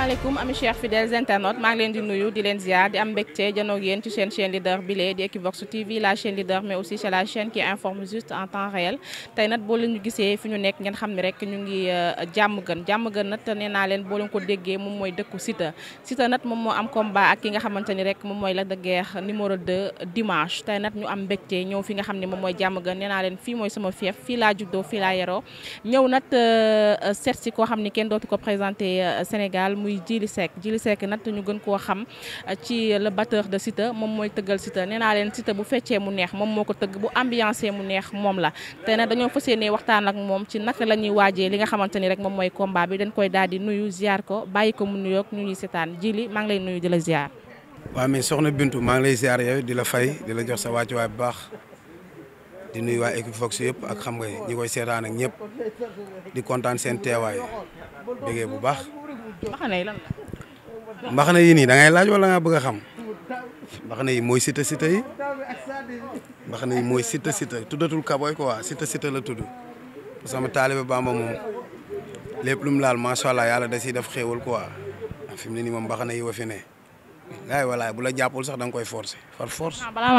asalaamaaleykum ami chers fidèles internautes maa ngi leen di nuyu di leen ziar di am mbégte janoog yéen ci seen chaîne leader bile di Equivox TV la chaîne leader mais aussi c'est la chaîne qui informe juste en temps réel tey boo leen naa leen boo leen ko déggee moom mooy dëkku Siteu Siteu nag moom moo am combat ak ki nga xamante ni rek moom mooy Lac de Guiers numéro 2 dimanche tey nag ñu am mbégte ñëw fi nga xam ne moom mooy jàmm gën nee naa leen fii mooy sama fief fi laa juddoo fii laa yaroo ñëw nag euh, koo xam ne kenn dootu ko présenté euh, Sénégal muy Djily Seck Djily Seck nag ñu gën koo xam euh, ci le batteur de Siteu moom mooy tëggal Siteu nee naa leen Siteu bu feccee mu neex moom moo ko tëgg bu ambiancé mu neex moom la te nag dañoo fa yéene waxtaan ak moom ci naka la waajee li nga xamante ni rek moom mooy combat bi dañ koy daal di nuyu ziar ko bàyyi ko mu nuyoog ñu ñuy seetaan Djily maa ngi lay nuyu di la ziar. waaw mais soxna Bintu maa ngi lay ziar yow di la fay di la jox sa wàccuwaay bu baax. di nuyu waa yëpp ak xam nga ñi koy seetaan ak ñëpp kontaan seen teewaay baax. mbaxane yi lan la. mbaxane yi nii da laaj wala bëgg a xam. mbaxana yi mooy sita sita yi mbaxane yi mooy sita sita tuddatul kaboy quoi sita sita la tudd parce que sama taalibe Bamba moom lépp lu mu laal macha allah yàlla da ciy def xéewal quoi ah, fi mu ne nii moom mbaxane yi wa fi ne. laay walaay bu la jàppul sax da nga koy forcer par force. ah,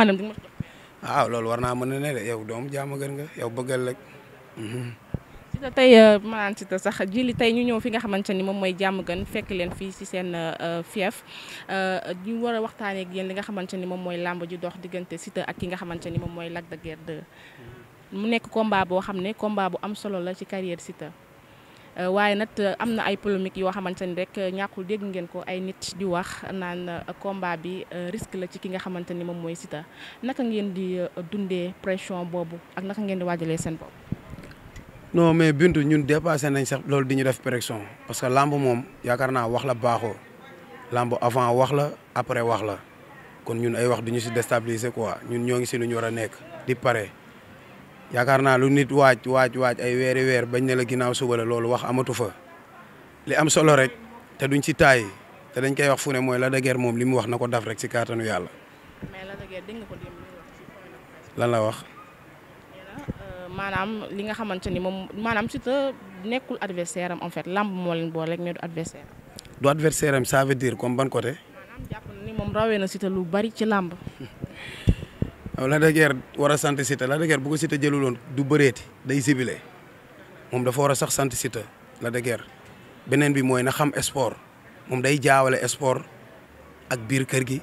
ah loolu war naa mën ne de yow doom jaama gën nga yow bëggal rek. Mhm. tey euh, maanaam si sax jili tey ñu ñëw fi nga xamante ni moom mooy jàmm gën fekk leen fii si seen euh, euh, fief ñu war a waxtaanee ak yéen nga xamante ni moom mooy làmb ji dox diggante Siteu ak ki nga xamante ni moom mooy Lac de Guiers mu nekk combat boo xam ne combat bu am solo la ci carrière Siteu waaye nag am na ay polémique yoo xamante ni rek ñàkkul dégg ngeen ko ay nit di wax naan combat bi risque la ci ki nga xamante ni moom mooy sita naka ngeen di dundee pression boobu ak naka ngeen di waajalee seen bopp. non mais Bintu ñun dépassé nañ sax loolu di ñu def pression parce que lamb moom yaakaar naa wax la baaxoo lamb avant wax la après wax la kon ñun ay wax du ñu si déstabiliser quoi ñun ñoo ngi si lu ñu war a nekk di pare yaakaar naa lu nit waaj waaj waaj ay weeri weer bañ ne la ginnaaw suba la loolu wax amatu fa li am solo rek te duñ si taay te dañ koy wax fu ne mooy la de moom li mu wax na ko daf rek si kattanu yàlla. lan la wax. maanaam li nga xamante ni moom maanaam Siteu nekkul adversaire en fait lamb moo leen boole rek mais du adversaire du am ça veut dire comme ban côté. moom rawee na Siteu lu bari ci lamb. waaw Lac wara Guiers war a sant Siteu Lac de Guiers bu ko Siteu jëluloon du bëreeti day sibile moom dafa war a sax sant Siteu Lac de Guiers beneen bi mooy na xam sport moom day jaawale sport ak biir kër gi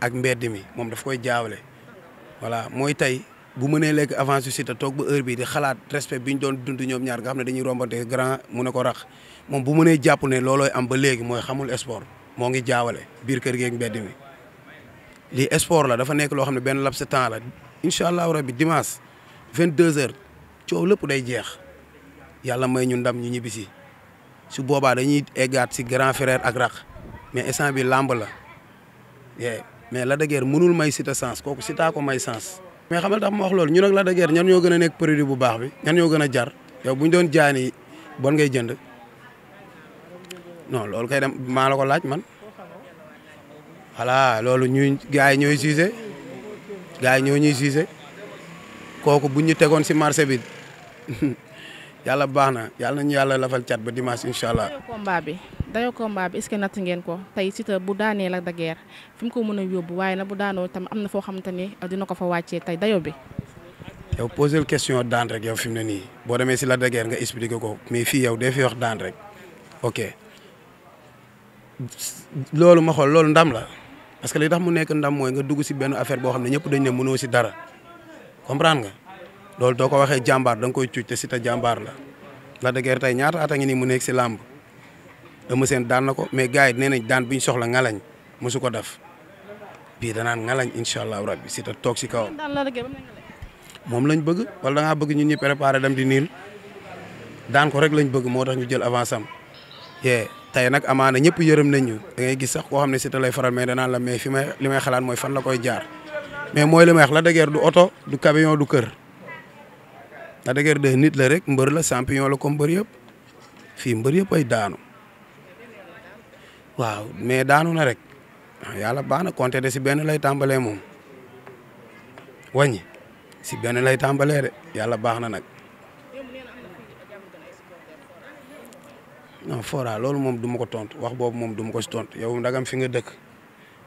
ak mbedd mi moom daf koy jaawale voilà mooy tey bu mënee lekk avance su Siteu toog ba heure bi di xalaat respect bi ñu doon dund ñoom ñaar nga xam ne dañuy rombante grand mu ne ko rax moom bu mënee jàpp ne loolooy am ba léegi mooy xamul sport moo ngi jaawale biir kër geeg mbedd mi. lii sport la dafa nekk loo xam ne benn laps de temps la incha allahu rabi dimanche 22h coow lëpp day jeex yàlla may ñu ndam ñu ñibbisi si boobaa dañuy eggaat si grand frère ak rax mais instant bi làmb la mais la dëgër mënul may Siteu sens kooku Siteu ko may mais xamal tax ma wax loolu ñu nag la de ñan ñoo gën a nekk produit bu baax bi ñan ñoo gën a jar yow bu doon jaani bon ngay jënd non loolu kay dem maa la ko laaj man voilà loolu ñuy gars yi ñooy siise gars yi ñoo ñuy siise kooku bu ñu tegoon si marché bi yàlla baax na yàlla nañu yàlla lafal cat ba dimanche incha allah. combat bi. dayo combat bi est ce que natt ngeen ko tey Siteu bu daanee la da guerre fi ko mën a yóbbu waaye na bu daanoo tam am na foo xamante ni dina ko fa wàccee tey dayo bi. yow posé question daan rek yow fi mu ne nii boo demee si la da nga expliqué ko mais fii yow dee fi wax daan rek ok loolu ma xool loolu ndam la parce que li tax mu nekk ndam mooy nga dugg si benn affaire boo xam ne ñëpp dañ ne mënoo si dara comprendre nga loolu doo ko waxee jàmbaar da koy cuuj te Siteu jàmbaar la la da guerre ñaata at a ngi mu nekk si làmb Eumeu Sène daan na ko mais gars yi nee nañ daan bi ñu soxla ngalañ mosu ko def bii danaan ngalañ incha allahu rabbi si te toog si kawam. moom lañ bëgg wala da bëgg ñu ñu préparé dem di niil daan ko rek lañ bëgg moo tax ñu jël avance am yee tey nag amaana ñëpp yërëm nañ ñu da ngay gis sax koo xam ne si te lay faral mais danaan la mais fi ma limay may xalaat mooy fan la koy jaar mais mooy li may wax la dëgër du oto du camion du kër la dëgër de nit la rek mbër la champion la comme mbër yëpp fii mbër yëpp ay daanu. waaw mais daanu na rek yàlla baax na compter de si benn lay tàmbalee moom wàññi si benn lay tàmbalee de yàlla baax na nag non loolu moom du ma ko tontu wax boobu moom du ma ko si tontu yow ndagam fi nga dëkk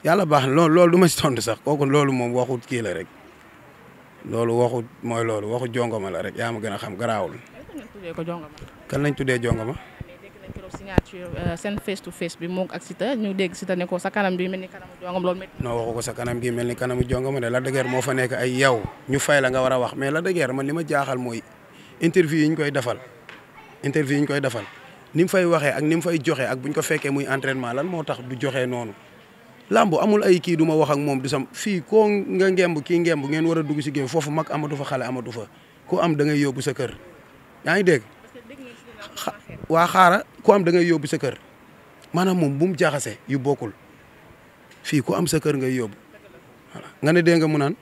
yàlla baax na loolu loolu ma si tontu sax kooku loolu moom waxut kii la rek loolu waxut mooy loolu waxut jongama la rek yaa ma gën a xam garaawul. kan lañ tuddee jongama signature euh, seen face to face bi moom ak Siteu ñu dégg Siteu ne ko sa kanam bi mel ni kanamu jongam loolu métti. non waxu ko sa kanam gi mel ni kanamu jongam ne la dëgër moo fa nekk ay yow ñu fay la nga war a wax mais la dëgër ma ni ma jaaxal mooy interview yi ñu koy defal interview yi ñu koy defal ni mu fay waxee ak ni mu fay joxe ak bu ñu ko fekkee muy entraînement lan moo tax du joxe noonu. lambu amul ay kii du ma wax ak moom du sam fii ko nga ngemb kii ngemb ngeen war a dugg si géew foofu mag amatu fa xale amatu fa ko am da ngay yóbbu sa kër yaa ngi dégg xa waa xaara ku am da yóbbu sa kër maanaam moom bu mu jaxase yu bokkul fii ku am sa kër ngay yóbbu nga ne dégg nga mu naan.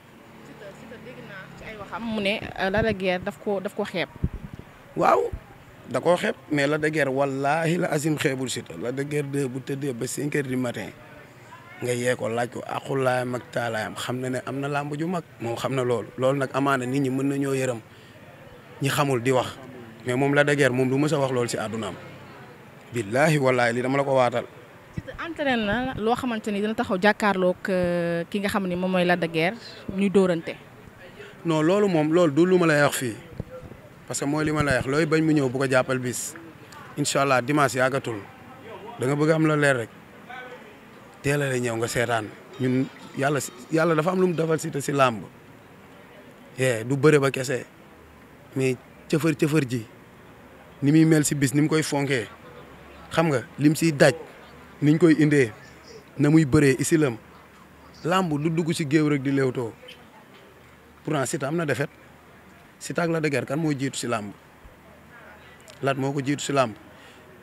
xam mu ne euh, Lac de daf koo daf ko xeeb. waaw da koo xeeb mais la de Guiers wallaahi la Azim xeebul Siteu la de Guiers bu tëddee ba cinq heures du matin nga yee ko laaj ko akulaayam ak taalaayam xam na ne am na làmb ju mag. moom xam na loolu loolu nag amaana nit ñi mën nañoo yërëm ñi xamul di wax. mais moom la dëgër moom du ma sa wax loolu si àddunaam billaahi wallaahi li dama la ko waatal. loo xamante ni dina taxaw jàkkaarloog euh, ki nga xam ni moom mooy la dëgër ñu dóorante. non loolu moom loolu du lu ma lay wax fii parce que mooy li ma la wax looy bañ mu ñëw bu ko jàppal bis incha allah dimanche yàggatul da nga bëgg am la leer rek teel a la ñëw nga seetaan ñun yàlla yàlla dafa am lu mu defal si te si làmb. Eh, du bëre ba kese mais cëfër cëfër ji ni muy mel si bis ni mu koy fonkee xam nga lim siy daj niñ koy indee na muy bëree isilam làmb du dugg si géew rek di léewtoo pourtant Siteu am na defet Siteu ak Lac de Guiers kan moo jiitu si làmb Lac moo ko jiitu si làmb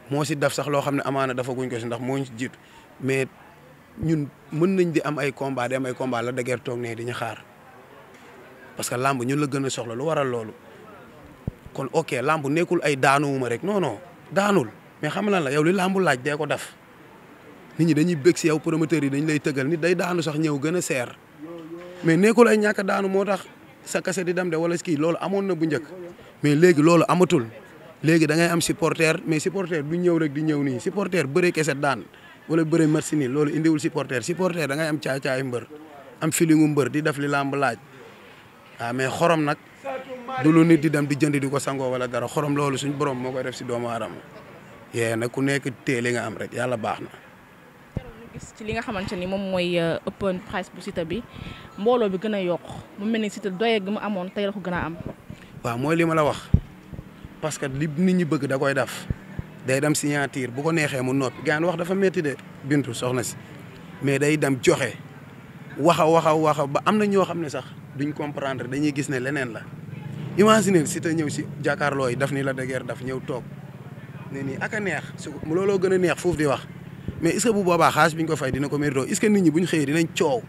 moo si def sax loo xam ne amaana dafa guñ ko si ndax moo si jiitu mais ñun mën nañ di am ay combat di am ay combat Lac de Guiers toog di ñu xaar parce que làmb ñun la gën a soxla lu waral loolu. kon ok lamb nekkul ay daanuwuma rek non non daanul mais xam lan la yow li lamb laaj dee ko def ni ñi dañuy bëgg si yow promoteur yi dañ lay tëggal ni day daanu sax ñëw gën a seer mais nekkul ay ñàkk daanu moo tax sa kase di dem de wala kii loolu amoon na bu njëkk mais léegi loolu amatul léegi da ngay am supporter mais supporter du ñëw rek di ñëw nii supporter bëre kese daan wala bëre match nii loolu indiwul supporter supporter da ngay am caay-caayu mbër am feelingu mbër di def li lamb laaj waaw mais xorom nag du lu nit di dem di jënd di ko sangoo wala dara xorom loolu suñ borom moo koy def si doomu aadama yee nag ku nekk téeli nga am rek yàlla baax na. gis ci li nga xamante ni moom mooy euh, open presse bu Siteu bi mbooloo bi gën a yokk mu mel ni Siteu doye gi mu amoon te la ko gën a am. waaw mooy li ma la wax parce que li nit ñi bëgg da koy def day dem si signature bu ko neexee mu noppi gaan wax dafa métti de bintu soxna si mais day dem joxe waxa waxa waxa ba am na ñoo xam ne sax. duñ comprendre dañuy gis ne leneen la imaginer si te ñëw si jàkkaarloo yi daf ni la dëgër daf ñëw toog ne nii ak a neex su looloo gën a neex foofu di wax mais est bu boobaa xaalis bi ñu ko fay dina ko méritoo est ce que nit ñi bu dinañ coow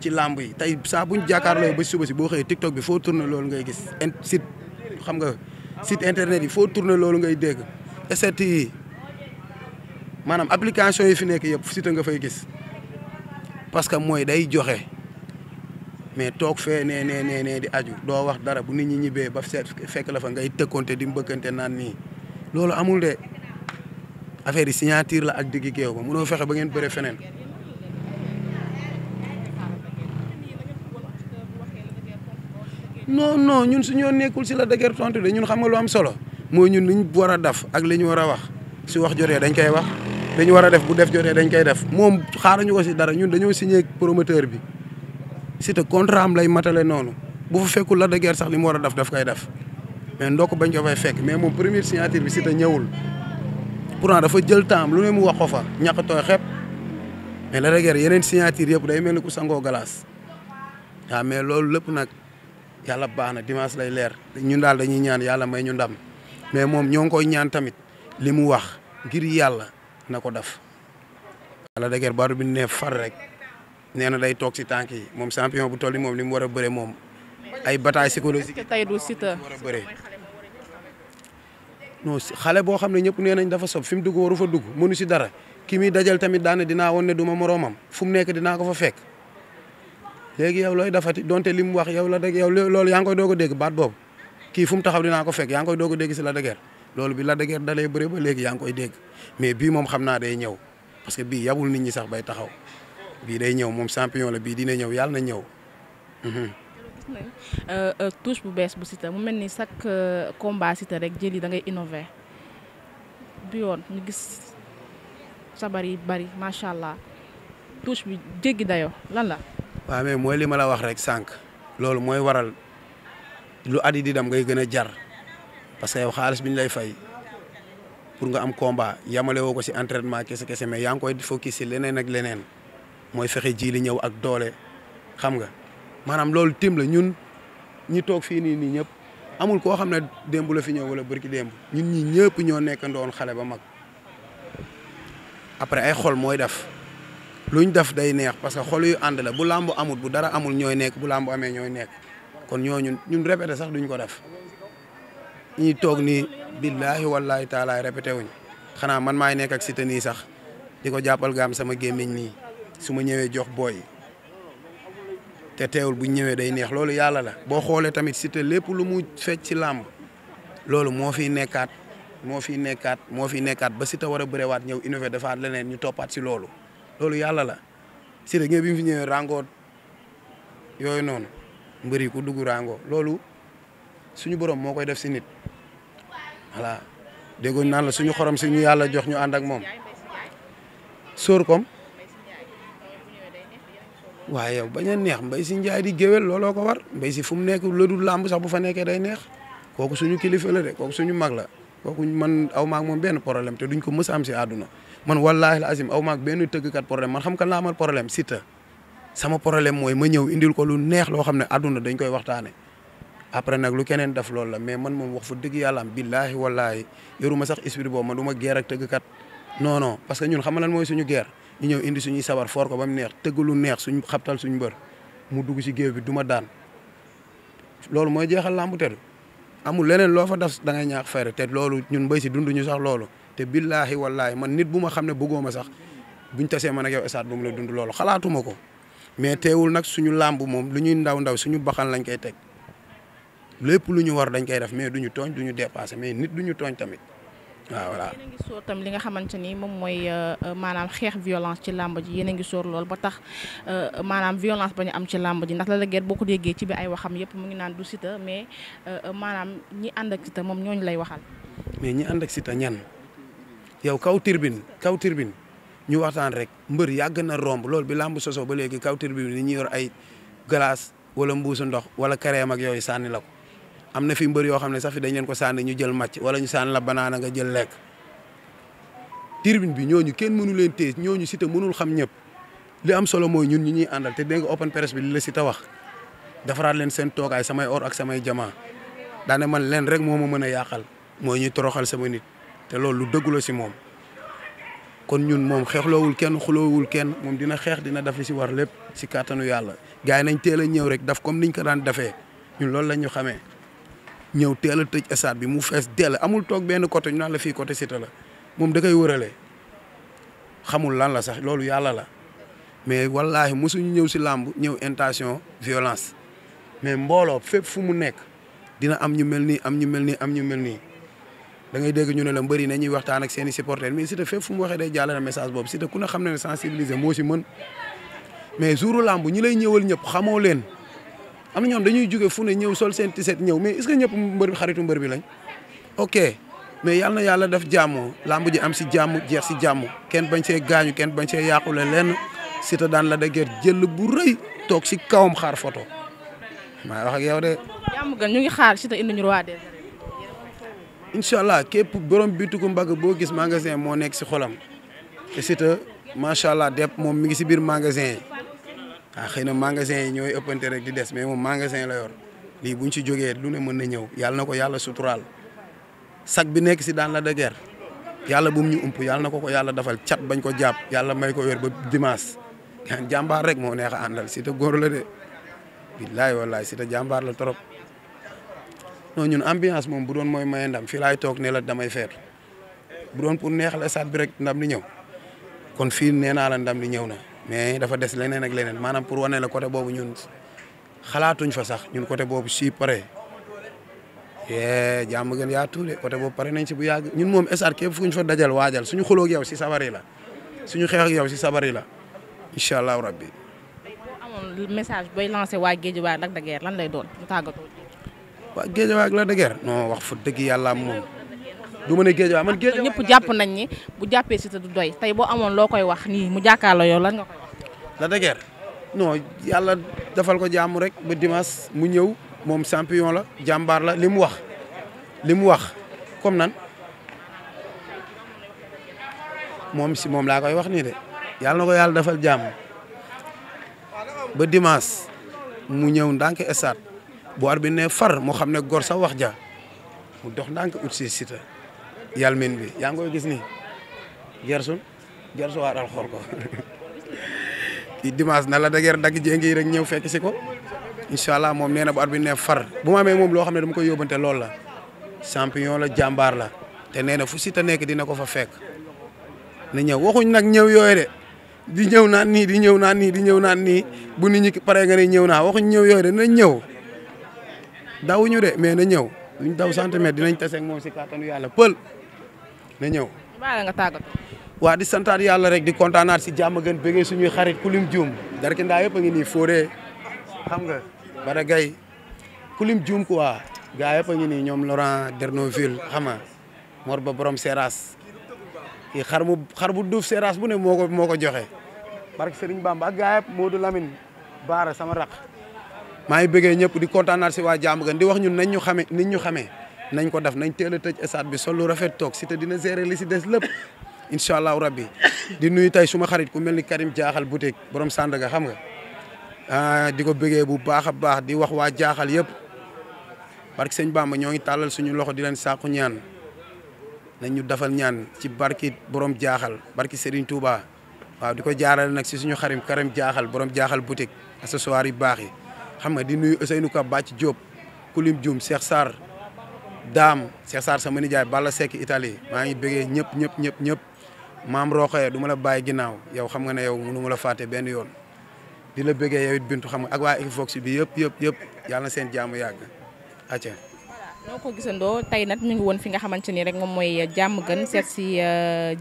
ci làmb yi tey saa buñ jàkkaarloo ba suba si boo xëyee TikTok bi foo tourné loolu ngay gis site xam nga site internet yi foo tourné loolu ngay dégg set yi maanaam application yi fi nekk yëpp site nga fay gis parce que mooy day joxe mais toog fee nee ne nee nee di aju doo wax dara bu nit ñi ñibbee ba seet fekk la fa ngay tëkkonte di mbëkkante naan nii loolu amul de affaire yi signature la ak diggi géew ba mënoo fexe ba ngeen bëre feneen. non non ñun suñu yoon nekkul si la dëgër tontu de ñun xam nga lu am solo mooy ñun liñ war a def ak li ñu war a wax si wax jotee dañ koy wax dañu war a def bu def jotee dañ koy def moom xaaruñu ko si dara ñun dañoo signé promoteur bi. Siteu contrat am lay matale noonu bu fa fekkul Lac de Guiers sax li mu war a def daf koy def mais ndokk bañ ko fay fekk mais moom première signature bi Siteu ñëwul pourtant dafa jël temps lu ne mu wax ko fa ñàkk tooy xepp mais Lac de Guiers yeneen signature yëpp day mel ni ku sangoo glace waa mais loolu lépp nag yàlla baax na dimance lay leer ñun daal dañuy ñaan yàlla may ñu dam mais moom ñoo ngi koy ñaan tamit li mu wax ngir yàlla na ko def. Lac de Guiers baatu bi ne far rek. nee na day toog si tànk yi moom champion bu toll ni moom li mu war a bëre moom ay bataille psychologique est-ce que tey du Siteu war a xale boo xam ne ñëpp nee nañ dafa sob fi mu dugg waru fa dugg mënu si dara kii muy dajal tamit daane dinaa woon ne du ma moroomam fu mu nekk dinaa ko fa fekk léegi yow looy dafati donte li mu wax yow la dëgg yow loolu yaa ngi koy dégg baat boobu kii fu taxaw dinaa ko fekk yaa ngi koy dégg si la dëgër loolu bi la dëgër dalee bëre ba léegi yaa ngi koy dégg mais bii moom xam naa day ñëw parce que bii yabul nit ñi sax bay taxaw bii day ñëw moom champion la bii dina ñëw yàlla na ñëw. Mhm. Euh, euh, touche bu bees bu sita mu mel ni chaque euh, combat Siteu rek jëli da ngay innover bi yoon ñu gis sa bari bari macha allah touche bi jéggi dayoo lan la. waaw mais mooy li ma la wax rek sànq loolu mooy waral lu at di dem ngay gën a jar parce que yow xaalis bi ñu lay fay pour nga am combat yamale woo ko si entraînement kese kese mais yaa ngi koy focus si leneen ak leneen. mooy fexe ji li ñëw ak doole xam nga maanaam loolu tim la ñun ñi toog fii nii nii ñëpp amul koo xam ne démb la fi ñëw wala bërki démb ñun ñi ñëpp ñoo nekk ndoon xale ba mag après ay xol mooy def luñ def day neex parce que xol yu ànd la bu làmb amut bu dara amul ñooy nekk bu làmbu amee ñooy nekk kon ñoo ñun répété sax duñ ko def ñi toog nii billaahi wallaahi taalaay répété wuñ xanaa man maay nekk ak Siteu nii sax di ko jàppal gaam sama gémmiñ nii su ma ñëwee jox booy te teewul bu ñëwee day neex loolu yàlla la. boo xoolee tamit Siteu lépp lu mu fecc ci làmb loolu moo fi nekkaat moo fiy nekkaat moo fiy nekkaat ba Siteu war a bërewaat ñëw innové defaat leneen ñu toppaat si loolu loolu yàlla la Siteu gi bi mu ñëwee ràngoot yooyu noonu mbëri ku dugg ràngoo loolu suñu borom moo koy def si nit voilà déggoon naan la suñu xorom si ñu yàlla jox ñu ànd ak moom sóor kom waaye yow bañ neex mbay si njaay di géwél looloo ko war mbay si fu mu nekk lu dul làmb sax bu fa nekkee day neex kooku suñu kilifa la de kooku suñu mag la kooku man aw maag moom benn problème te duñ ko mës a am si àdduna man wallaahi la azim aw maag benn tëggkat problème man xam kan laa amal problème Siteu sama problème mooy ma ñëw indil ko lu neex loo xam ne àdduna dañ koy waxtaane après nag lu keneen def loolu la mais man moom wax fa dëgg yàlla am billaahi wallaahi yoruma sax esprit boobu man ma guerre ak tëggkat non non que ñun xam lan mooy suñu guerre ñu ñëw indi suñuy sabar foor ko ba mu neex tëgg lu neex suñu xabtal suñu mbër mu dugg si géew bi du ma daan loolu mooy jeexal làmb te amul leneen loo fa def da ngay ñaax fayre te loolu ñun bay si dunduñu sax loolu te billaahi wallaahi man nit bu ma xam ne bëggoo ma sax buñ tasee ma ak yow esaat bu mu la dund loolu xalaatuma ko mais teewul nag suñu làmb moom lu ñuy ndaw ndaw suñu baxan lañ koy teg lépp lu ñu war dañ koy def mais duñu tooñ duñu dépassé mais nit duñu tooñ tamit waaw ah, voilà yéen ngi sóor tam li nga xamante ni moom mooy euh, euh, maanaam xeex violence ci làmb ji yéen a ngi sóor lool ba tax euh, maanaam violence ba ñu am ci làmb ji ndax la guerre boo ko déggee ci bi ay waxam yépp mu ngi naan du Siteu mais maanaam ñi ànd ak Siteu moom ñooñu lay waxal. mais ñi ànd ak Siteu ñan yow kaw turbine kaw turbine ñu waxtaan rek mbër yàgg na romb loolu bi làmb soso ba léegi kaw turbine ni ñu yor ay glace wala mbuusu ndox wala kareem ak yooyu sànni la ko. am na fi mbër yoo xam ne sax fi dañ leen ko sànni ñu jël wala ñu sànni banaana nga jël lekk tribune bi ñooñu kenn mënu leen téye ñooñu Siteu mënul xam ñëpp li am solo mooy ñun ñu ñuy àndal dégg nga open press bi li la Siteu wax defaraat leen seen toogaay samay or ak samay jamaa daane man leen rek moo ma mën a yàqal mooy ñuy toroxal sama nit te loolu lu si moom. kon ñun moom xeexloowul kenn xuloowul kenn moom dina xeex dina def li si war lépp si kàttanu yàlla gaa yi nañ teel a ñëw rek daf comme niñ ko daan defee ñun loolu lañ ñu xamee. ñëw teel a tëj stade bi mu fees dell amul toog benn côté ñu naan la fii côté Cité la moom da koy wërale xamul lan la sax loolu yàlla la mais wallaahi mosuñu ñëw si làmb ñëw intention violence mais mbooloo fépp fu mu nekk dina am ñu mel nii am ñu mel nii am ñu mel nii a ngay ñu ne la mbëri na ñuy waxtaan ak seen i supporters mais Siteu fépp fu mu waxee day jàllale message boobu Siteu ku ne xam ne ne sensibiliser moo si mën mais jouru làmb ñi lay ñëwal ñëpp xamoo leen am na ñoom dañuy jóge fu ne ñëw sol seen tiset ñëw mais est ce que ñëpp mbër xaritu mbër bi lañ ok mais yal na yàlla def jàmm làmb ji am si jàmm jeex si jàmm kenn bañ see gaañu kenn bañ see leen lenn Siteu daan la daggéer jël bu rëy toog si kawam xaar photo maa wax ak yow de. ñu ngi xaar Siteu indi ñu roi des arènes. incha allah képp borom bitigu mbagg boo gis magasin moo nekk si xolam te Siteu macha allah depp moom mi ngi si biir magasin yi a ah, xëy na magasin yi ñooy ëppante rek di des mais moom magasin la yor lii buñ si jógee lu ne mën na ñëw yàlla na ko yàlla suturaal sac bi nekk si daan la de guerre yàlla bu mu ñu ump yàlla na ko ko yàlla dafal cat bañ ko jàpp yàlla may ko wér ba dimaas gaan jàmbaar rek moo neex a àndal si te góor la de billaay wallaay si te jàmbaar la trop non ñun ambiance moom bu doon mooy maye ndam fii laay toog ne la damay feetu bu doon pour neexal stade bi rek ndam li ñëw kon fii nee naa ndam li ñëw na mais dafa des leneen ak leneen maanaam pour wane la côté boobu ñun xalaatuñ fa sax ñun côté boobu si pare yee eh, jàmm gën yaa tuuti côté boobu pare nañ si bu yàgg ñun moom esar képp fu ñu fa dajal waajal suñu xuloo ak yow si sabar yi la suñu xeex ak yow si sabar la incha allahu rabbi. amoon message booy lancé waa Guédiawaye ak Lac de lan lay doon mu tàggatoo. waa Guédiawaye ak Lac de wax fa dëgg yàlla moom. du ma ne géej waaw man géej waaw ñëpp jàpp nañ ni bu jàppee si te du doy tey boo amoon loo koy wax nii mu jàkkaarloo yow lan nga koy wax. la dëgër non yàlla defal ko jàmm rek ba dimanche mu ñëw moom champion la jàmbaar la li mu wax li mu wax comme nan moom si moom laa koy wax nii de yàlla na ko yàlla defal jàmm ba dimanche mu ñëw ndànk stade bu arbitre bi ne far mu xam ne gor sa wax ja mu dox ndànk ut si Siteu yalmin bi yaa ngi koy gis nii gersun gersu waa dal xool ko kii na la dageer dagg jéngi yi rek ñëw fekk si ko incha allah moom nee na bu at bi ne far bu ma amee moom loo xam ne dama koy yóbbante lool la champion la jàmbaar la te nee na fu si ta nekk dina ko fa fekk na ñëw waxuñ nag ñëw yooyu de di ñëw naan nii di ñëw naan nii di ñëw naan nii bu nit ñi paree nga ne ñëw naa waxuñ ñëw yooyu de ñëw dawuñu de mais na ñëw luñ daw centimètre dinañ tase ak moom si kàttanu yàlla pël na ñëw. nga tàggatoo. waa di santaat yàlla rek di kontaanaat si jàmm gën bëggee suñuy xarit kulim juum darki ndaa yëpp a ngi nii fóoree xam nga bara gay kulim juum quoi gaa yëpp a ngi nii ñoom Laurent Dernoville xam nga ba borom Seras kii xar mu xar bu duuf Seras bu ne moo ko moo ko joxe barke Serigne Bamba ak gaa yëpp Modou Lamine Baara sama raq maa ngi bëggee ñëpp di kontaanaat si waa jàmm di wax ñun nañ ñu xame nit ñu xamee nañ ko def nañ teel a tëj stade bi sol rafet toog Siteu dina gérer li si des lépp incha allahu rabbi di nuyu tey suma xarit ku mel ni Karim jaaxal boutique borom Sandaga xam nga ah di ko bëggee bu baax a baax di wax waa jaaxal yëpp barke sëñ Bamba ñoo ngi tàllal suñu loxo di leen sàqu ñaan nañ ñu dafal ñaan ci barkit borom jaaxal barki Serigne Touba waaw di ko jaaral nag si suñu xarim Karim jaaxal borom jaaxal boutique accessoire yu baax yi xam nga di nuyu Ousseynou Ka Bàcc Diop Kulim Dioum Cheikh Sarr. daam Cheikh Sarr sama nijaay Balla Seck Italie maa ngi bëggee ñëpp ñëpp ñëpp ñëpp maam Roxoye du ma la bàyyi ginnaaw yow xam nga ne yow mënu ma la fàtte benn yoon di la bëggee yow it xam nga ak waa Equivox bi yëpp yëpp yëpp yàlla na seen jaamu yàgg acca noo ko gisandoo tey nag ñu ngi woon fi nga xamante ni rek moom mooy jàmm gën seet si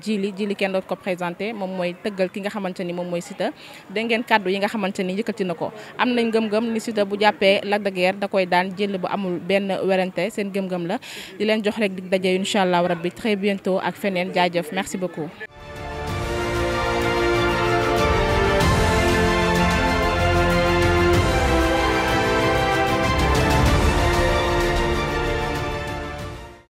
Djily euh, Djily kenn doot ko présenté moom mooy tëggal ki nga xamante ni moom mooy Siteu dégg ngeen kàddu yi nga xamante ni yëkkati na ko am nañ gëm-gëm ni Siteu bu jàppee Lac de da koy daan jël bu amul benn werante seen gëm-gëm la di leen jox rek dig daje incha allah rabbi très bientôt ak feneen jaajaf merci beaucoup